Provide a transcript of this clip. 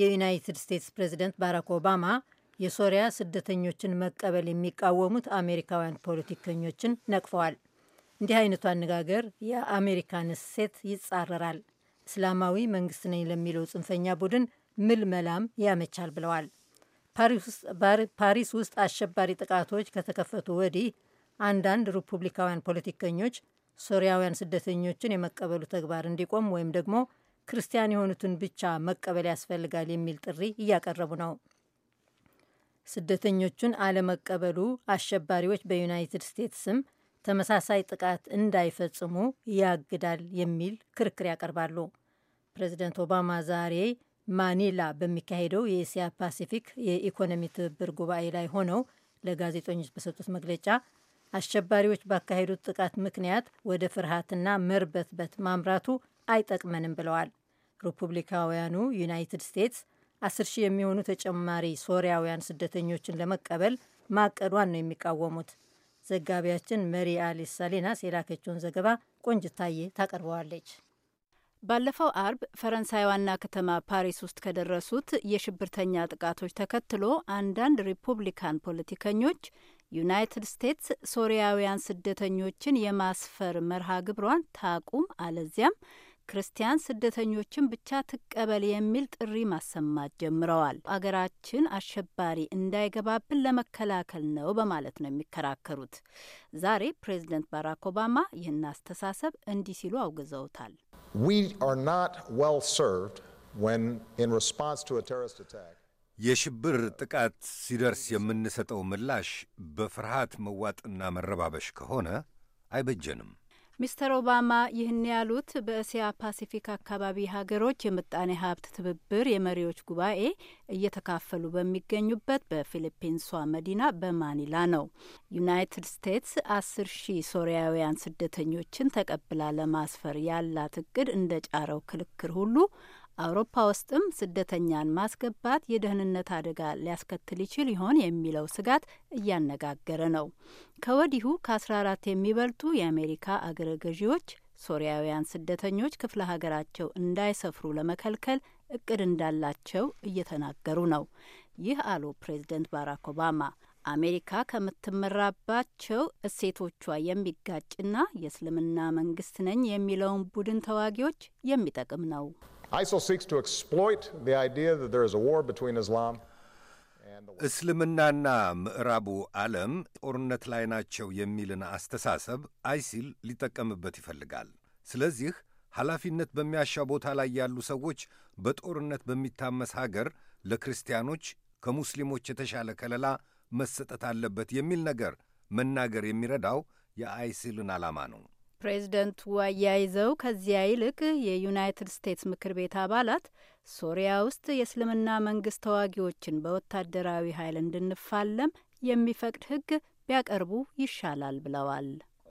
የዩናይትድ ስቴትስ ፕሬዚደንት ባራክ ኦባማ የሶሪያ ስደተኞችን መቀበል የሚቃወሙት አሜሪካውያን ፖለቲከኞችን ነቅፈዋል። እንዲህ አይነቱ አነጋገር የአሜሪካን እሴት ይጻረራል፣ እስላማዊ መንግስት ነኝ ለሚለው ጽንፈኛ ቡድን ምልመላም ያመቻል ብለዋል። ፓሪስ ውስጥ አሸባሪ ጥቃቶች ከተከፈቱ ወዲህ አንዳንድ ሪፑብሊካውያን ፖለቲከኞች ሶሪያውያን ስደተኞችን የመቀበሉ ተግባር እንዲቆም ወይም ደግሞ ክርስቲያን የሆኑትን ብቻ መቀበል ያስፈልጋል የሚል ጥሪ እያቀረቡ ነው። ስደተኞቹን አለመቀበሉ አሸባሪዎች በዩናይትድ ስቴትስ ስም ተመሳሳይ ጥቃት እንዳይፈጽሙ ያግዳል የሚል ክርክር ያቀርባሉ። ፕሬዚደንት ኦባማ ዛሬ ማኒላ በሚካሄደው የእስያ ፓሲፊክ የኢኮኖሚ ትብብር ጉባኤ ላይ ሆነው ለጋዜጠኞች በሰጡት መግለጫ አሸባሪዎች ባካሄዱት ጥቃት ምክንያት ወደ ፍርሃትና መርበትበት ማምራቱ አይጠቅመንም ብለዋል። ሪፑብሊካውያኑ ዩናይትድ ስቴትስ አስር ሺህ የሚሆኑ ተጨማሪ ሶሪያውያን ስደተኞችን ለመቀበል ማቀዷን ነው የሚቃወሙት። ዘጋቢያችን መሪ አሊስ ሳሊናስ የላከችውን ዘገባ ቆንጅታዬ ታቀርበዋለች። ባለፈው አርብ ፈረንሳይ ዋና ከተማ ፓሪስ ውስጥ ከደረሱት የሽብርተኛ ጥቃቶች ተከትሎ አንዳንድ ሪፑብሊካን ፖለቲከኞች ዩናይትድ ስቴትስ ሶሪያውያን ስደተኞችን የማስፈር መርሃ ግብሯን ታቁም፣ አለዚያም ክርስቲያን ስደተኞችን ብቻ ትቀበል የሚል ጥሪ ማሰማት ጀምረዋል። አገራችን አሸባሪ እንዳይገባብን ለመከላከል ነው በማለት ነው የሚከራከሩት። ዛሬ ፕሬዚደንት ባራክ ኦባማ ይህን አስተሳሰብ እንዲህ ሲሉ አውግዘውታል። We are not well served when in response to a terrorist attack የሽብር ጥቃት ሲደርስ የምንሰጠው ምላሽ በፍርሃት መዋጥና መረባበሽ ከሆነ አይበጀንም። ሚስተር ኦባማ ይህን ያሉት በእስያ ፓሲፊክ አካባቢ ሀገሮች የምጣኔ ሀብት ትብብር የመሪዎች ጉባኤ እየተካፈሉ በሚገኙበት በፊሊፒንሷ መዲና በማኒላ ነው። ዩናይትድ ስቴትስ አስር ሺህ ሶሪያውያን ስደተኞችን ተቀብላ ለማስፈር ያላት እቅድ እንደ ጫረው ክርክር ሁሉ አውሮፓ ውስጥም ስደተኛን ማስገባት የደህንነት አደጋ ሊያስከትል ይችል ይሆን የሚለው ስጋት እያነጋገረ ነው። ከወዲሁ ከ14 የሚበልጡ የአሜሪካ አገረ ገዢዎች ሶሪያውያን ስደተኞች ክፍለ ሀገራቸው እንዳይሰፍሩ ለመከልከል እቅድ እንዳላቸው እየተናገሩ ነው። ይህ አሉ ፕሬዝደንት ባራክ ኦባማ አሜሪካ ከምትመራባቸው እሴቶቿ የሚጋጭና የእስልምና መንግስት ነኝ የሚለውን ቡድን ተዋጊዎች የሚጠቅም ነው። ISIL seeks to exploit the idea that there is a war between Islam እስልምናና ምዕራቡ ዓለም ጦርነት ላይ ናቸው የሚልን አስተሳሰብ አይሲል ሊጠቀምበት ይፈልጋል። ስለዚህ ኃላፊነት በሚያሻ ቦታ ላይ ያሉ ሰዎች በጦርነት በሚታመስ ሀገር ለክርስቲያኖች ከሙስሊሞች የተሻለ ከለላ መሰጠት አለበት የሚል ነገር መናገር የሚረዳው የአይሲልን ዓላማ ነው። ፕሬዚደንቱ አያይዘው ከዚያ ይልቅ የዩናይትድ ስቴትስ ምክር ቤት አባላት ሶሪያ ውስጥ የእስልምና መንግስት ተዋጊዎችን በወታደራዊ ኃይል እንድንፋለም የሚፈቅድ ሕግ ቢያቀርቡ ይሻላል ብለዋል።